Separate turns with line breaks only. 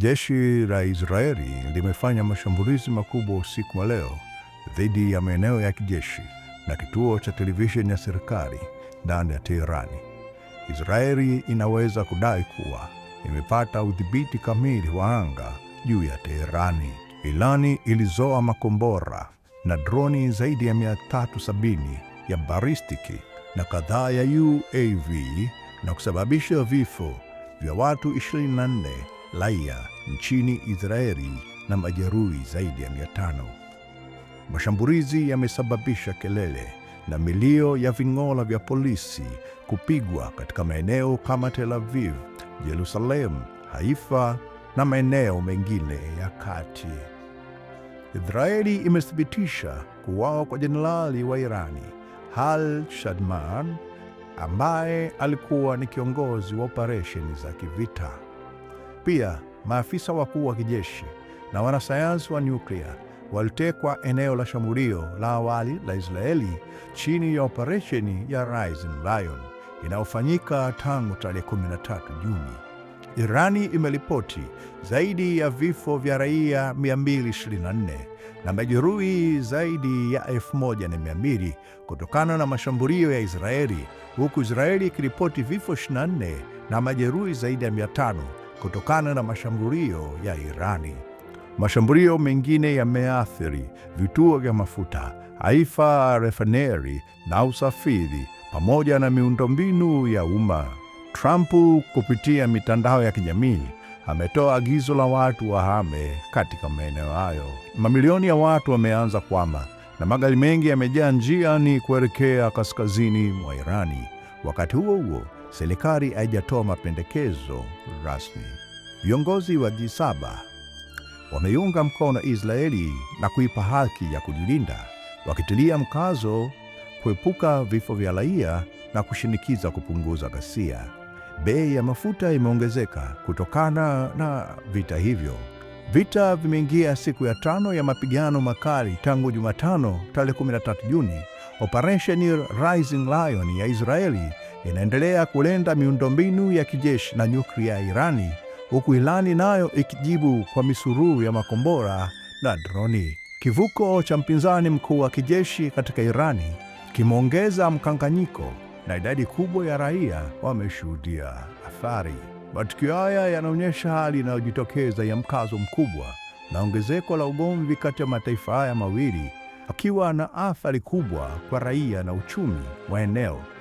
Jeshi la Israeli limefanya mashambulizi makubwa usiku wa leo dhidi ya maeneo ya kijeshi na kituo cha televisheni ya serikali ndani ya Teherani. Israeli inaweza kudai kuwa imepata udhibiti kamili wa anga juu ya Teherani. Irani ilizoa makombora na droni zaidi ya 370 ya baristiki na kadhaa ya UAV na kusababisha vifo vya watu 24 Laia nchini Israeli na majeruhi zaidi ya mia tano. Mashambulizi yamesababisha kelele na milio ya ving'ola vya polisi kupigwa katika maeneo kama Tel Aviv, Jerusalemu, Haifa na maeneo mengine ya kati. Israeli imethibitisha kuuawa kwa jenerali wa Irani Hal Shadman ambaye alikuwa ni kiongozi wa operesheni za kivita. Pia maafisa wakuu wa kijeshi na wanasayansi wa nyuklia walitekwa eneo la shambulio la awali la Israeli chini ya operesheni ya Rising Lion inayofanyika tangu tarehe 13 Juni. Irani imeripoti zaidi ya vifo vya raia 224 na majeruhi zaidi ya 1200 kutokana na mashambulio ya Israeli, huku Israeli ikiripoti vifo 24 na majeruhi zaidi ya 500 kutokana na mashambulio ya Irani. Mashambulio mengine yameathiri vituo vya mafuta, Haifa refaneri na usafiri pamoja na miundombinu ya umma. Trump kupitia mitandao ya kijamii ametoa agizo la watu wahame katika maeneo hayo. Mamilioni ya watu wameanza kwama na magari mengi yamejaa njiani kuelekea kaskazini mwa Irani. Wakati huo huo serikali haijatoa mapendekezo rasmi. Viongozi wa G7 wameiunga mkono Israeli na kuipa haki ya kujilinda, wakitilia mkazo kuepuka vifo vya raia na kushinikiza kupunguza ghasia. Bei ya mafuta imeongezeka kutokana na vita hivyo. Vita vimeingia siku ya tano ya mapigano makali tangu Jumatano tarehe 13 Juni. Operation Rising Lion ya Israeli inaendelea kulenda miundombinu ya kijeshi na nyuklia ya Irani, huku Irani nayo ikijibu kwa misururu ya makombora na droni. Kivuko cha mpinzani mkuu wa kijeshi katika Irani kimeongeza mkanganyiko na idadi kubwa ya raia wameshuhudia athari. Matukio haya yanaonyesha hali inayojitokeza ya mkazo mkubwa na ongezeko la ugomvi kati ya mataifa haya mawili, akiwa na athari kubwa kwa raia na uchumi wa eneo.